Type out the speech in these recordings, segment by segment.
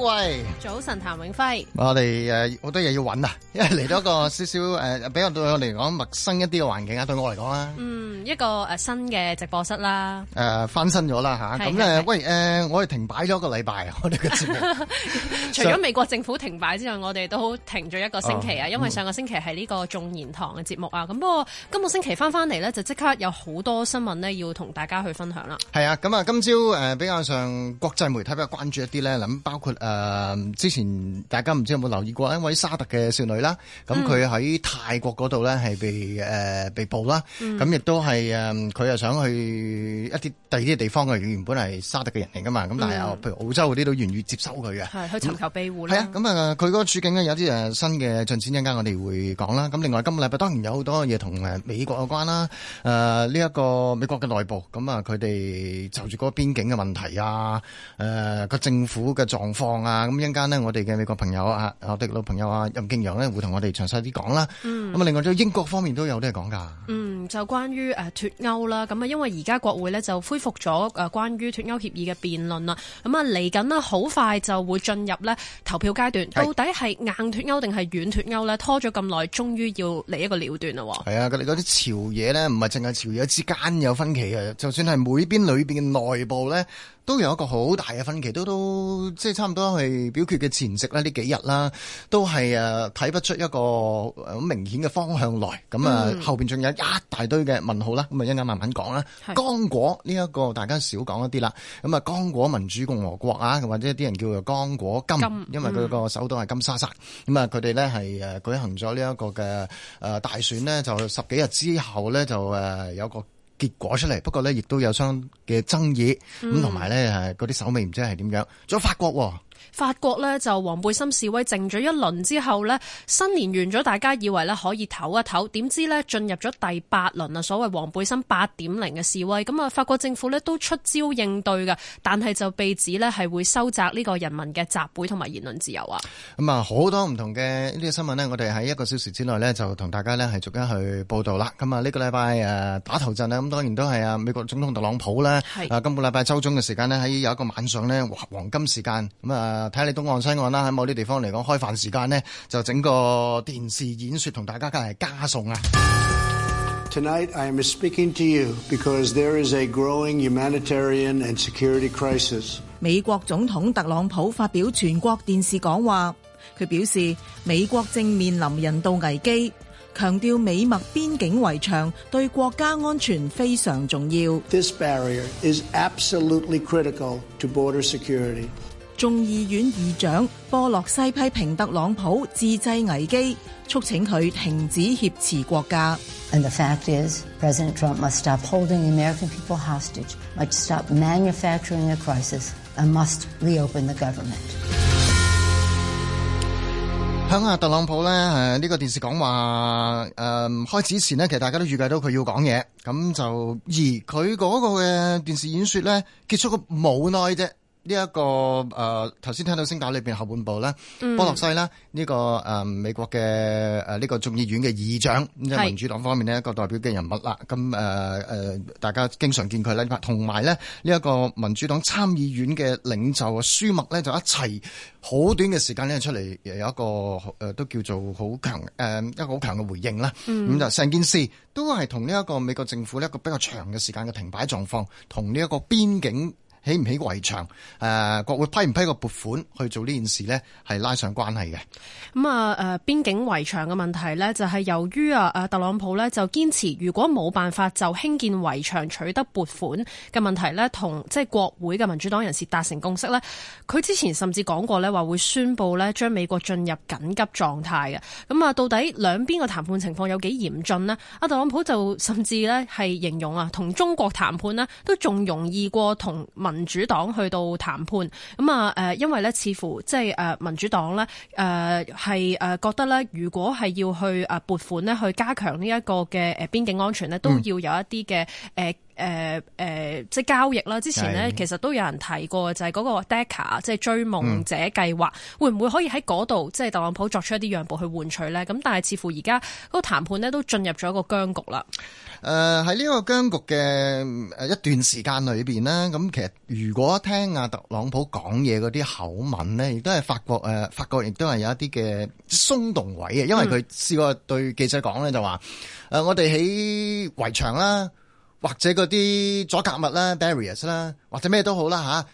喂，早晨，譚永輝，我哋誒，好多嘢要揾啊，因為嚟到一個少少誒， 比較對我嚟講陌生一啲嘅環境啊，對我嚟講啊，嗯，一個誒新嘅直播室啦，誒、呃，翻新咗啦吓，咁咧，呃、是喂，誒、呃，我哋停擺咗一個禮拜，我哋嘅節目，除咗美國政府停擺之外，我哋都停咗一個星期啊，哦、因為上個星期係呢個眾言堂嘅節目啊，咁、嗯、不過今個星期翻翻嚟咧，就即刻有好多新聞咧要同大家去分享啦，係啊，咁啊，今朝誒比較上國際媒體比較關注一啲咧，咁包括誒。呃誒、嗯、之前大家唔知有冇留意過一位沙特嘅少女啦，咁佢喺泰國嗰度咧係被誒、呃、被捕啦，咁亦、嗯、都係誒佢又想去一啲第二啲地方嘅，原本係沙特嘅人嚟噶嘛，咁但係、嗯、譬如澳洲啲都願意接收佢嘅，係去尋求庇護啦。係、嗯、啊，咁啊佢個處境咧有啲誒新嘅進展，一陣間我哋會講啦。咁另外今個禮拜當然有好多嘢同誒美國有關啦，誒呢一個美國嘅內部，咁啊佢哋就住個邊境嘅問題啊，誒、呃、個政府嘅狀況。啊，咁一陣間我哋嘅美國朋友啊，我的老朋友啊，任敬揚呢，會同我哋詳細啲講啦。嗯。咁啊，另外英國方面都有啲嘢講噶。嗯，就關於誒脫歐啦，咁啊，因為而家國會呢，就恢復咗誒關於脫歐協議嘅辯論啦。咁啊，嚟緊啦，好快就會進入呢投票階段。到底係硬脫歐定係軟脫歐呢？拖咗咁耐，終於要嚟一個了斷啦。係啊，佢哋嗰啲朝野呢，唔係淨係朝野，朝野之間有分歧嘅，就算係每邊裏邊嘅內部呢。都有一個好大嘅分歧，都都即係差唔多去表決嘅前夕啦，呢幾日啦，都係睇不出一個好明顯嘅方向來。咁啊、嗯，後邊仲有一大堆嘅問號啦。咁啊，一陣間慢慢講啦。剛果呢一、這個大家少講一啲啦。咁啊，剛果民主共和國啊，或者啲人叫做剛果金，金嗯、因為佢個首都係金沙薩。咁啊，佢哋咧係誒舉行咗呢一個嘅大選呢，就十幾日之後呢，就有個。結果出嚟，不過咧亦都有相當嘅爭議，咁同埋咧係嗰啲手尾唔知係點樣。仲有法國，哦。法國呢就黃背心示威靜咗一輪之後呢，新年完咗，大家以為呢可以唞一唞，點知呢？進入咗第八輪啊，所謂黃背心八點零嘅示威，咁啊法國政府呢都出招應對㗎，但係就被指呢係會收窄呢個人民嘅集會同埋言論自由啊。咁啊好多唔同嘅呢啲新聞呢，我哋喺一個小時之內呢，就同大家呢係逐間去報道啦。咁啊呢個禮拜誒打頭陣呢，咁當然都係啊美國總統特朗普啦，啊是今個禮拜周中嘅時間呢，喺有一個晚上呢，黃金時間咁啊。誒，睇你東岸西岸啦，喺某啲地方嚟講，開飯時間呢，就整個電視演説同大家梗係加餸啊！Tonight I am speaking to you because there is a growing humanitarian and security crisis. 美國總統特朗普發表全國電視講話，佢表示美國正面臨人道危機，強調美墨邊境圍牆對國家安全非常重要。This barrier is absolutely critical to border security. 眾議院議長波洛西批評特朗普自製危機，促請佢停止挾持國家。And the fact is, President Trump must stop holding the American people hostage, must stop manufacturing a crisis, and must reopen the government. 響下特朗普咧，誒、這、呢個電視講話誒、嗯、開始前咧，其實大家都預計到佢要講嘢咁就，而佢嗰個嘅電視演說咧結束個冇耐啫。呢一、這個誒頭先聽到聲帶裏邊後半部咧，嗯、波洛西啦，呢、這個誒、呃、美國嘅誒呢個眾議院嘅議長，即係是民主黨方面咧一個代表嘅人物啦。咁誒誒，大家經常見佢咧。同埋咧，呢、這、一個民主黨參議院嘅領袖嘅舒默咧就一齊好短嘅時間咧出嚟，有一個誒、呃、都叫做好強誒一個好強嘅回應啦。咁就成件事都係同呢一個美國政府咧一個比較長嘅時間嘅停擺狀況，同呢一個邊境。起唔起圍牆？誒、呃、國會批唔批個撥款去做呢件事呢？係拉上關係嘅。咁啊誒邊境圍牆嘅問題呢，就係由於啊啊特朗普呢，就堅持，如果冇辦法就興建圍牆取得撥款嘅問題呢，同即係國會嘅民主黨人士達成共識呢。佢之前甚至講過呢，話會宣布呢將美國進入緊急狀態嘅。咁啊，到底兩邊嘅談判情況有幾嚴峻呢？阿特朗普就甚至呢，係形容啊，同中國談判呢，都仲容易過同。民主黨去到談判咁啊，誒，因為咧似乎即係誒，民主黨咧誒係誒覺得咧，如果係要去誒撥款咧，去加強呢一個嘅誒邊境安全咧，都要有一啲嘅誒。誒誒、呃呃，即係交易啦。之前呢，其實都有人提過，就係、是、嗰個 DACA，即係追夢者計劃，嗯、會唔會可以喺嗰度即係特朗普作出一啲讓步去換取咧？咁但係似乎而家嗰個談判呢都進入咗一個僵局啦、呃。誒喺呢個僵局嘅誒一段時間裏邊呢，咁其實如果聽阿特朗普講嘢嗰啲口吻呢，亦都係法國誒、呃、法國亦都係有一啲嘅鬆動位嘅，因為佢試過對記者講咧就話誒我哋喺圍牆啦，或者嗰啲阻隔物啦、barriers 啦，或者咩都好啦吓、啊，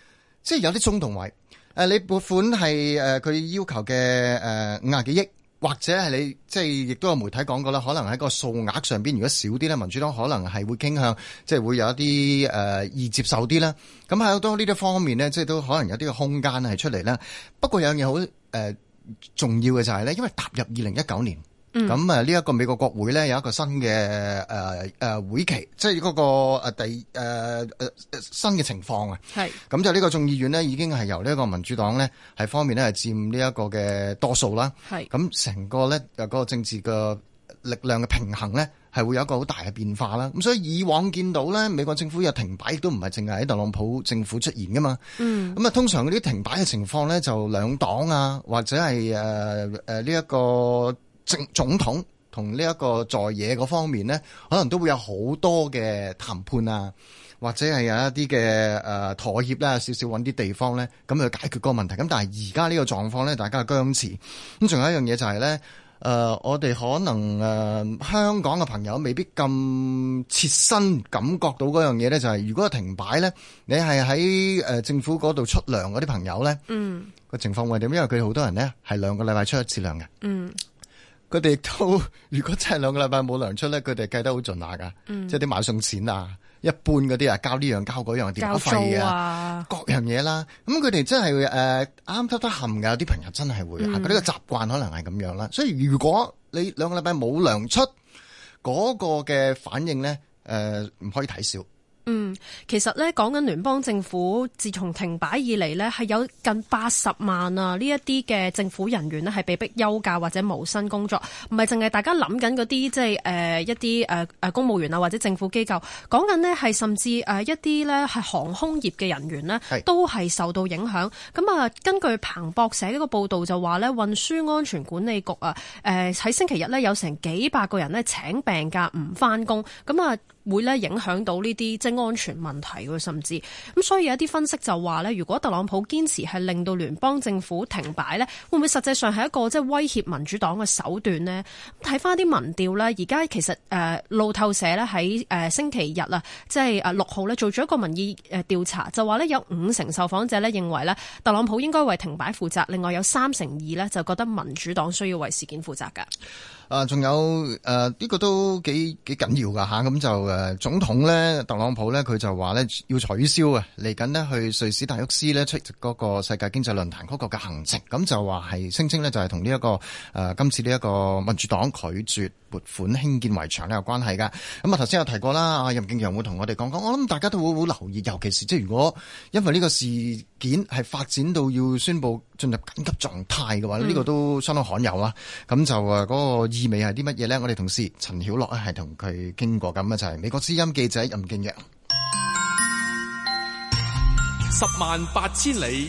即係有啲中同位。誒、啊，你撥款係誒，佢、呃、要求嘅誒五廿幾億，或者係你即係亦都有媒體講過啦，可能喺個數額上邊如果少啲咧，民主黨可能係會傾向，即係會有一啲誒、呃、易接受啲啦。咁喺好多呢啲方面咧，即係都可能有啲嘅空間係出嚟啦。不過有樣嘢好誒重要嘅就係、是、咧，因為踏入二零一九年。咁啊！呢一、嗯、個美國國會咧有一個新嘅誒、呃呃、會期，即係嗰、嗰個第誒、呃、新嘅情況啊。係咁就呢個眾議院呢，已經係由呢一個民主黨呢，係方面呢，係佔呢一個嘅多數啦。係咁成個嗰個政治嘅力量嘅平衡呢，係會有一個好大嘅變化啦。咁所以以往見到呢，美國政府有停擺，亦都唔係淨係喺特朗普政府出現噶嘛。嗯，咁啊，通常嗰啲停擺嘅情況呢，就兩黨啊，或者係誒呢一個，總統同呢一個在野嗰方面呢，可能都會有好多嘅談判啊，或者係有一啲嘅誒妥協啦，少少搵啲地方咧，咁去解決個問題。咁但係而家呢個狀況咧，大家僵持。咁、嗯、仲有一樣嘢就係、是、咧，誒、呃，我哋可能誒、呃、香港嘅朋友未必咁切身感覺到嗰樣嘢咧，就係、是、如果停擺咧，你係喺、呃、政府嗰度出糧嗰啲朋友咧，個、嗯、情況會點？因為佢哋好多人呢，係兩個禮拜出一次糧嘅。嗯佢哋都如果真係兩個禮拜冇糧出咧，佢哋計得好盡下噶，嗯、即係啲買餸錢啊、一半嗰啲啊、交呢樣交嗰樣電話費啊、數啊各樣嘢啦、啊。咁佢哋真係誒啱得得冚噶，有啲朋友真係會嚇。佢呢個習慣可能係咁樣啦。嗯、所以如果你兩個禮拜冇糧出，嗰個嘅反應咧誒唔可以睇少。嗯，其實呢，講緊聯邦政府自從停擺以嚟呢，係有近八十萬啊呢一啲嘅政府人員呢，係被逼休假或者無薪工作，唔係淨係大家諗緊嗰啲即係誒、呃、一啲誒誒公務員啊或者政府機構，講緊呢，係甚至誒一啲呢，係航空業嘅人員呢，都係受到影響。咁是啊，根據彭博社呢個報道就話呢，運輸安全管理局啊，誒、呃、喺星期日呢，有成幾百個人呢，請病假唔返工，咁啊。會咧影響到呢啲即係安全問題，甚至咁，所以有一啲分析就話呢，如果特朗普堅持係令到聯邦政府停擺呢，會唔會實際上係一個即係威脅民主黨嘅手段呢？睇翻啲民調呢，而家其實誒、呃、路透社呢喺、呃、星期日啊，即係誒六號呢做咗一個民意調查，就話呢有五成受訪者呢認為呢特朗普應該為停擺負責，另外有三成二呢就覺得民主黨需要為事件負責㗎。呃還呃這個、啊，仲有誒，呢個都幾幾緊要㗎吓，咁就誒，總統咧，特朗普咧，佢就話咧要取消啊，嚟緊呢，去瑞士大沃斯咧出席嗰個世界經濟論壇嗰個嘅行程，咁就話係聲稱咧就係同呢一個誒、呃、今次呢一個民主黨拒絕。撥款興建圍牆咧有關係噶，咁啊頭先有提過啦，啊任敬揚會同我哋講講，我諗大家都會好留意，尤其是即係如果因為呢個事件係發展到要宣佈進入緊急狀態嘅話，呢、這個都相當罕有啊。咁、嗯、就啊嗰個意味係啲乜嘢咧？我哋同事陳曉樂係同佢傾過咁啊，就係、是、美國之音記者任敬揚，十萬八千里。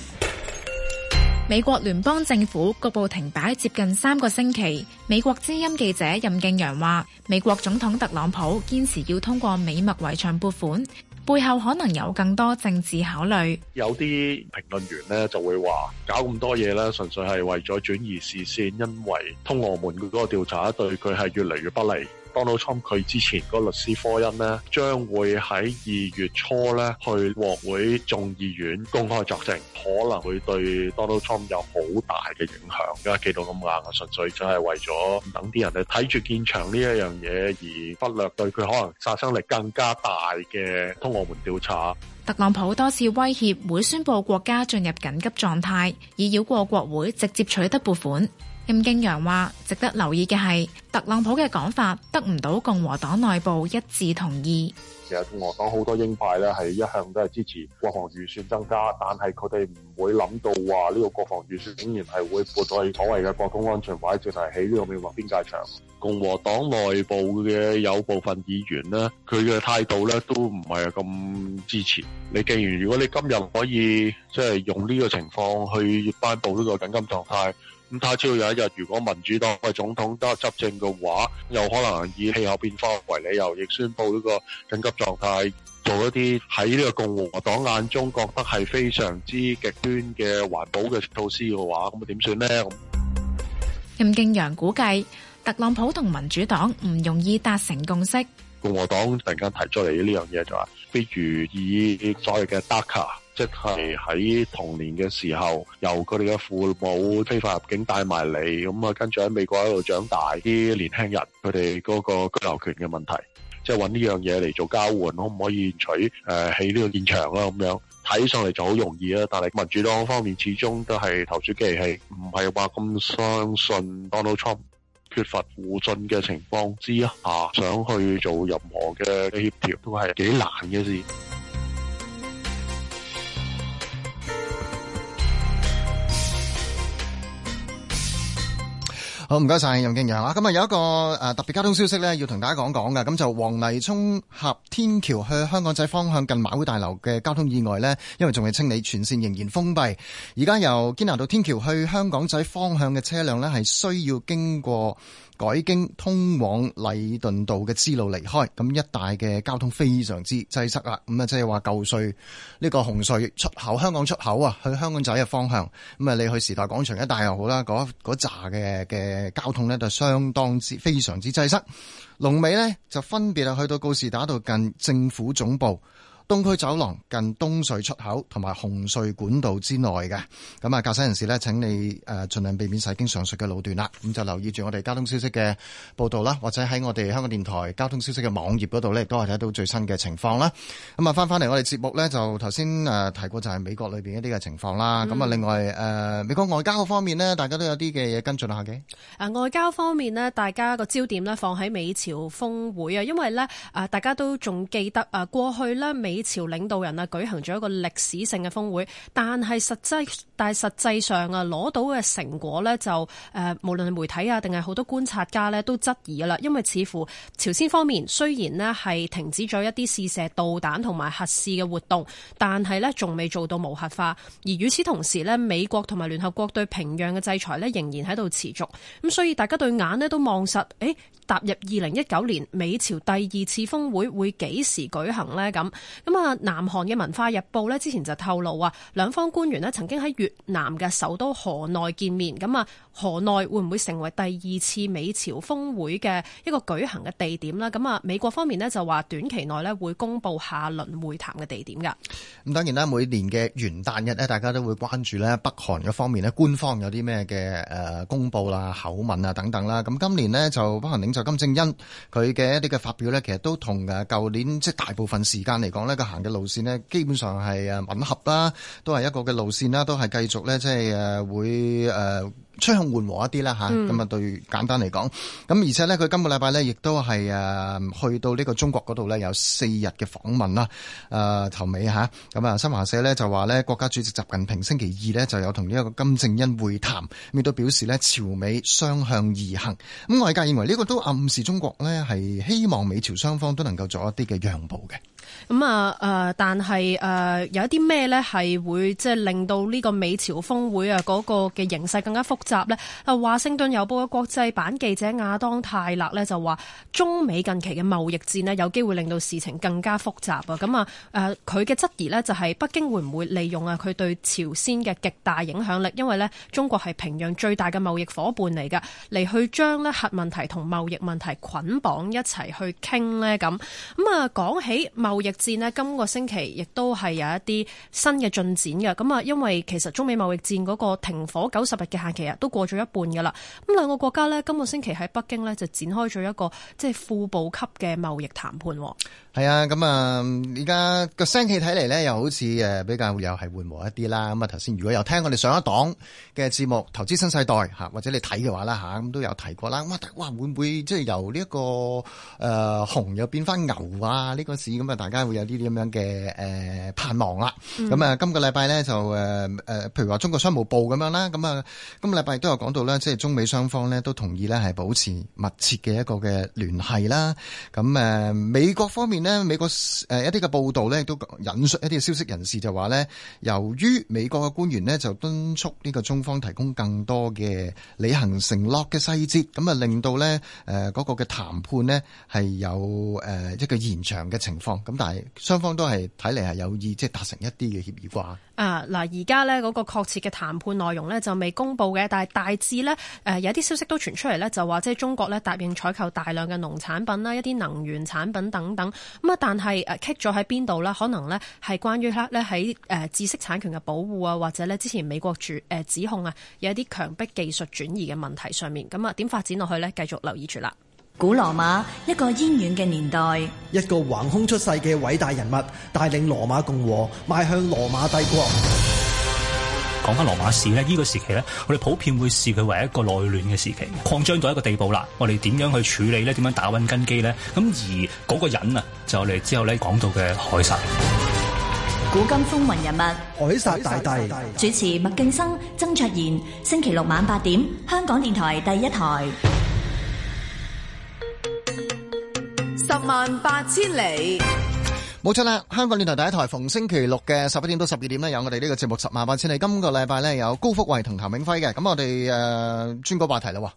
美國聯邦政府局部停擺接近三個星期。美國之音記者任敬揚話，美國總統特朗普堅持要通過《美墨圍牆撥款》，背後可能有更多政治考慮。有啲評論員咧就會話，搞咁多嘢咧，純粹係為咗轉移視線，因為通俄門嘅嗰個調查對佢係越嚟越不利。Donald Trump，佢之前個律師科恩咧，將會喺二月初咧去國會眾議院公開作證，可能會對 Donald Trump 有好大嘅影響，而家企到咁硬，啊純粹真係為咗等啲人哋睇住建牆，呢一樣嘢，而忽略對佢可能殺傷力更加大嘅通俄門調查。特朗普多次威脅會宣布國家進入緊急狀態，以繞過國會直接取得撥款。任敬揚話：，值得留意嘅係，特朗普嘅講法得唔到共和黨內部一致同意。其實共和黨好多鷹派咧，係一向都係支持國防預算增加，但係佢哋唔會諗到話呢個國防預算竟然係會撥去所謂嘅國公安全或者直係起呢個美墨邊界牆。共和黨內部嘅有部分議員咧，佢嘅態度咧都唔係咁支持。你既然如果你今日可以即係、就是、用呢個情況去頒布呢個緊急狀態。咁他朝有一日，如果民主黨位總統得執政嘅話，有可能以氣候變化為理由，亦宣布呢個緊急狀態，做一啲喺呢個共和黨眼中覺得係非常之極端嘅環保嘅措施嘅話，咁啊點算呢？任敬揚估計特朗普同民主黨唔容易達成共識。共和黨突然間提出嚟呢樣嘢就話，比如以所謂嘅 Daca。即係喺童年嘅時候，由佢哋嘅父母非法入境帶埋嚟，咁啊跟住喺美國喺度長大啲年輕人，佢哋嗰個居留權嘅問題，即係揾呢樣嘢嚟做交換，可唔可以取誒喺呢個現場啦？咁樣睇上嚟就好容易啦！但係民主黨方面始終都係投鼠忌器，唔係話咁相信 Donald Trump 缺乏互信嘅情況之下，想去做任何嘅協調都係幾難嘅事。好，唔該晒，任敬揚啊！今日，有一個誒、呃、特別交通消息咧，要同大家講講㗎。咁就黃泥涌峽天橋去香港仔方向近馬會大樓嘅交通意外咧，因為仲未清理，全線仍然封閉。而家由堅拿道天橋去香港仔方向嘅車輛咧，係需要經過。改經通往禮頓道嘅支路離開，咁一帶嘅交通非常之擠塞啦。咁、就、啊、是，即係話舊隧呢個紅隧出口香港出口啊，去香港仔嘅方向，咁啊，你去時代廣場一帶又好啦，嗰嗰扎嘅嘅交通咧就相當之非常之擠塞。龍尾呢，就分別啊去到告士打道近政府總部。東區走廊近東隧出口同埋紅隧管道之內嘅，咁啊駕駛人士呢，請你誒盡量避免駛經上述嘅路段啦。咁就留意住我哋交通消息嘅報道啦，或者喺我哋香港電台交通消息嘅網頁嗰度呢，亦都係睇到最新嘅情況啦。咁啊，翻翻嚟我哋節目呢，就頭先誒提過就係美國裏邊一啲嘅情況啦。咁啊、嗯，另外誒、呃、美國外交方面呢，大家都有啲嘅嘢跟進下嘅。誒、啊，外交方面呢，大家個焦點呢，放喺美朝峰會啊，因為呢，啊、大家都仲記得誒、啊、過去呢。美。美朝領導人啊舉行咗一個歷史性嘅峰會，但係實際但係實際上啊攞到嘅成果呢，就、呃、誒，無論係媒體啊定係好多觀察家呢都質疑㗎啦，因為似乎朝鮮方面雖然呢係停止咗一啲試射導彈同埋核試嘅活動，但係呢仲未做到無核化。而與此同時呢，美國同埋聯合國對平壤嘅制裁呢仍然喺度持續。咁所以大家對眼呢都望實，誒、欸，「踏入二零一九年，美朝第二次峰會會幾時舉行呢？」咁。咁啊，南韓嘅文化日報咧，之前就透露啊，兩方官員咧曾經喺越南嘅首都河內見面。咁啊，河內會唔會成為第二次美朝峰會嘅一個舉行嘅地點啦，咁啊，美國方面咧就話短期內咧會公布下輪會談嘅地點㗎。咁當然啦，每年嘅元旦日咧，大家都會關注咧北韓嘅方面咧，官方有啲咩嘅誒公布啦、口吻啊等等啦。咁今年咧就北韓領袖金正恩佢嘅一啲嘅發表咧，其實都同誒舊年即係大部分時間嚟講咧。個行嘅路線咧，基本上係誒吻合啦，都係一個嘅路線啦，都係繼續咧，即係誒會誒趨向緩和一啲啦。吓咁啊，對簡單嚟講咁，而且呢，佢今個禮拜呢，亦都係誒去到呢個中國嗰度呢，有四日嘅訪問啦。誒、呃、頭尾吓咁啊，新華社呢就話呢，國家主席習近平星期二呢，就有同呢一個金正恩會談，亦都表示呢，朝美雙向而行咁。外界認為呢個都暗示中國呢，係希望美朝雙方都能夠做一啲嘅讓步嘅。咁啊，誒、嗯呃，但係誒、呃，有一啲咩呢？係會即係令到呢個美朝峰會啊嗰個嘅形勢更加複雜呢。啊，華盛頓郵報嘅國際版記者亞當泰勒呢，就話，中美近期嘅貿易戰呢，有機會令到事情更加複雜啊！咁、嗯、啊，誒、呃，佢嘅質疑呢，就係北京會唔會利用啊佢對朝鮮嘅極大影響力，因為呢中國係平壤最大嘅貿易伙伴嚟㗎，嚟去將呢核問題同貿易問題捆綁一齊去傾呢。咁。咁、嗯、啊，講起貿貿易戰呢，今個星期亦都係有一啲新嘅進展嘅。咁啊，因為其實中美貿易戰嗰個停火九十日嘅限期啊，都過咗一半噶啦。咁兩個國家呢，今個星期喺北京呢，就展開咗一個即係副部級嘅貿易談判。係啊，咁啊，而家個聲氣睇嚟咧，又好似比較又係緩和一啲啦。咁啊，頭先如果有聽我哋上一檔嘅節目《投資新世代》或者你睇嘅話啦嚇，咁都有提過啦。哇，會唔會即係由呢、這、一個誒熊、呃、又變翻牛啊？呢、這個市咁啊，大家會有呢啲咁樣嘅誒盼望啦。咁啊、嗯，今個禮拜咧就誒、呃、譬如話中國商務部咁樣啦，咁啊，今個禮拜都有講到啦，即係中美雙方咧都同意咧係保持密切嘅一個嘅聯繫啦。咁、嗯、誒，美國方面咧美國誒一啲嘅報道咧，都引述一啲消息人士就話呢，由於美國嘅官員咧就敦促呢個中方提供更多嘅履行承諾嘅細節，咁啊令到呢誒嗰個嘅談判呢係有誒一個延長嘅情況。咁但係雙方都係睇嚟係有意即係達成一啲嘅協議啩。啊嗱，而家呢嗰個確切嘅談判內容呢就未公布嘅，但係大致呢，誒有啲消息都傳出嚟呢，就話即係中國呢答應採購大量嘅農產品啦，一啲能源產品等等。咁啊，但係誒棘咗喺邊度呢？可能咧係關於咧喺知識產權嘅保護啊，或者呢之前美國主指控啊，有一啲強迫技術轉移嘅問題上面，咁啊點發展落去呢？繼續留意住啦。古羅馬一個淵遠嘅年代，一個橫空出世嘅偉大人物，帶領羅馬共和邁向羅馬帝國。講翻羅馬史咧，呢個時期咧，我哋普遍會視佢為一個內亂嘅時期，擴張到一個地步啦。我哋點樣去處理咧？點樣打穩根基咧？咁而嗰個人啊，就我哋之後咧講到嘅凱撒。古今風雲人物，凱撒大帝主持麥敬生、曾卓然，星期六晚八點，香港電台第一台，十萬八千里。冇錯啦，香港電台第一台逢星期六嘅十一點到十二點咧，有我哋呢個節目《十萬八千里》。今個禮拜咧有高福慧同譚永輝嘅，咁我哋誒轉個話題啦喎。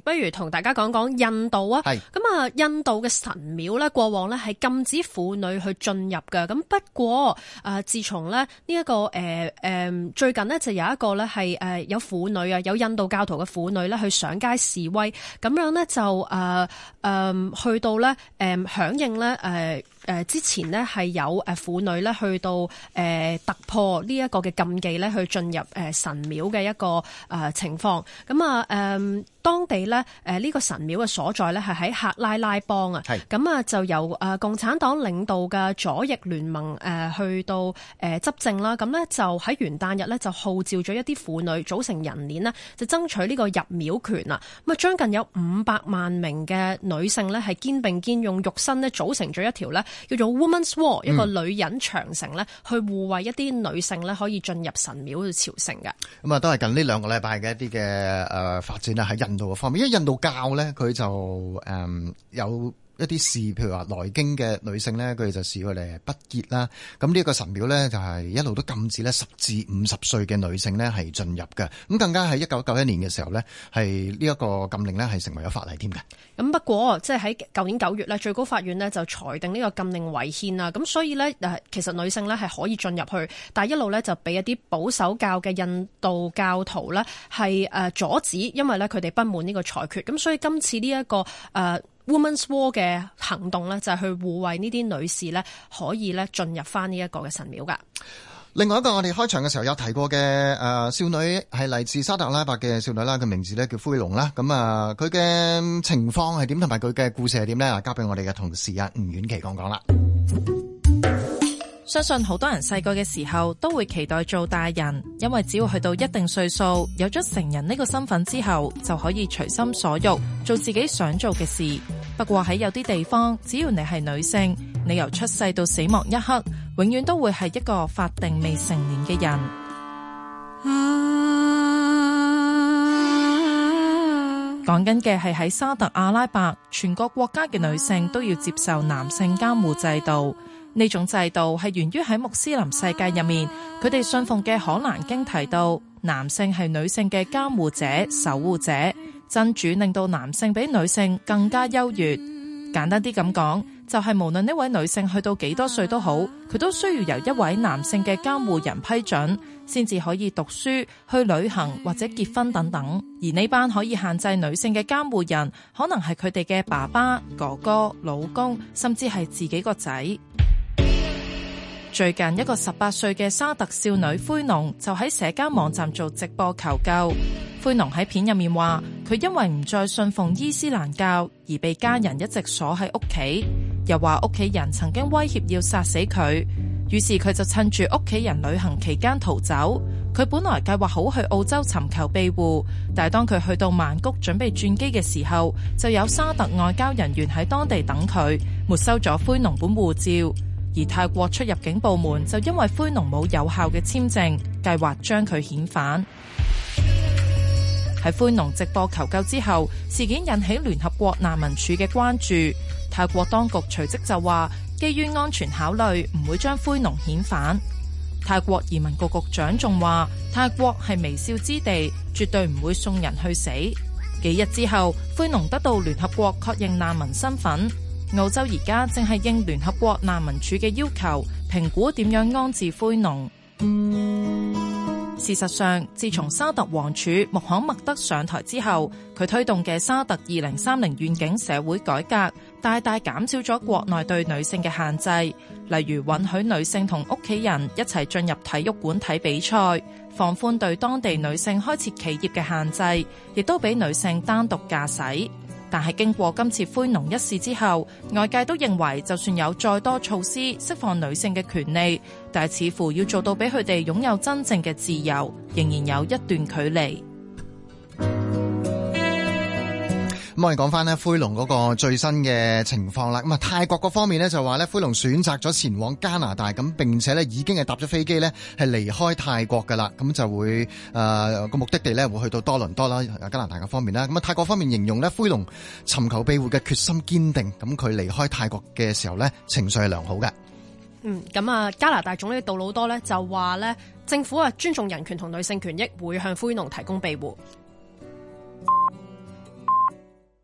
不如同大家講講印度啊，咁啊是，印度嘅神廟咧，過往咧係禁止婦女去進入嘅。咁不過，誒、呃，自從咧呢一個誒誒、呃，最近呢就有一個咧係誒有婦女啊，有印度教徒嘅婦女咧去上街示威，咁樣呢就誒誒、呃呃、去到呢誒響應呢誒誒之前呢係有誒婦女呢去到誒、呃、突破呢一個嘅禁忌咧去進入誒神廟嘅一個誒情況，咁啊誒。呃當地呢，誒、呃、呢、這個神廟嘅所在呢，係喺克拉拉邦啊。係是。咁啊，就由誒、呃、共產黨領導嘅左翼聯盟誒、呃、去到誒、呃、執政啦。咁呢，就喺元旦日呢，就號召咗一啲婦女組成人鏈咧，就爭取呢個入廟權啊。咁啊，將近有五百萬名嘅女性呢，係肩並肩用肉身呢，組成咗一條呢，叫做 Women’s Wall、嗯、一個女人長城呢，去護衞一啲女性呢，可以進入神廟去朝聖嘅。咁啊、嗯，都係近呢兩個禮拜嘅一啲嘅誒發展啦，係、呃、人。度嘅方面，因為印度教咧，佢就誒有一啲事，譬如話來經嘅女性呢，佢哋就視佢哋不潔啦。咁呢個神廟呢，就係一路都禁止呢十至五十歲嘅女性呢係進入嘅。咁更加係一九九一年嘅時候呢，係呢一個禁令呢係成為咗法例添嘅。咁不過即係喺舊年九月呢，最高法院呢就裁定呢個禁令違憲啊。咁所以呢，其實女性呢係可以進入去，但一路呢就俾一啲保守教嘅印度教徒呢係阻止，因為呢佢哋不滿呢個裁決。咁所以今次呢、這、一個、呃 Woman's War 嘅行動咧，就係、是、去護衛呢啲女士咧，可以咧進入翻呢一個嘅神廟噶。另外一個我哋開場嘅時候有提過嘅誒、呃，少女係嚟自沙特阿拉伯嘅少女啦，佢名字咧叫奎農啦。咁啊，佢、呃、嘅情況係點，同埋佢嘅故事係點咧？交俾我哋嘅同事阿吳沅琪講講啦。江江，相信好多人細個嘅時候都會期待做大人，因為只要去到一定歲數，有咗成人呢個身份之後，就可以隨心所欲做自己想做嘅事。不過喺有啲地方，只要你係女性，你由出世到死亡一刻，永遠都會係一個法定未成年嘅人。講緊嘅係喺沙特阿拉伯，全國國家嘅女性都要接受男性監護制度。呢種制度係源於喺穆斯林世界入面，佢哋信奉嘅可蘭經提到，男性係女性嘅監護者、守護者。真主令到男性比女性更加優越，簡單啲咁講，就係無論呢位女性去到幾多歲都好，佢都需要由一位男性嘅監護人批准，先至可以讀書、去旅行或者結婚等等。而呢班可以限制女性嘅監護人，可能係佢哋嘅爸爸、哥哥、老公，甚至係自己個仔。最近一個十八歲嘅沙特少女奎農就喺社交網站做直播求救。奎農喺片入面話，佢因為唔再信奉伊斯蘭教而被家人一直鎖喺屋企，又話屋企人曾經威脅要殺死佢，於是佢就趁住屋企人旅行期間逃走。佢本來計劃好去澳洲尋求庇護，但當佢去到曼谷準備轉機嘅時候，就有沙特外交人員喺當地等佢，沒收咗奎農本護照。而泰國出入境部門就因為奎農冇有，有效嘅簽證，計劃將佢遣返。喺奎農直播求救之後，事件引起聯合國難民署嘅關注。泰國當局隨即就話，基於安全考慮，唔會將奎農遣返。泰國移民局局長仲話：泰國係微笑之地，絕對唔會送人去死。幾日之後，奎農得到聯合國確認難民身份。澳洲而家正係應聯合國難民署嘅要求，評估點樣安置奎農。事實上，自從沙特王儲穆罕默德上台之後，佢推動嘅沙特二零三零願景社會改革，大大減少咗國內對女性嘅限制，例如允許女性同屋企人一齊進入體育館睇比賽，放寬對當地女性開設企業嘅限制，亦都俾女性單獨駕駛。但係經過今次奎農一事之後，外界都認為就算有再多措施釋放女性嘅權利，但係似乎要做到俾佢哋擁有真正嘅自由，仍然有一段距離。咁我哋講翻呢，奎農嗰個最新嘅情況啦。咁啊，泰國嗰方面呢，就話呢，奎農選擇咗前往加拿大，咁並且呢已經係搭咗飛機呢，係離開泰國噶啦。咁就會誒個、呃、目的地呢，會去到多倫多啦，加拿大嘅方面啦。咁啊，泰國方面形容呢，奎農尋求庇護嘅決心堅定，咁佢離開泰國嘅時候呢，情緒係良好嘅。嗯，咁啊，加拿大總理杜魯多呢，就話呢，政府啊尊重人權同女性權益，會向奎農提供庇護。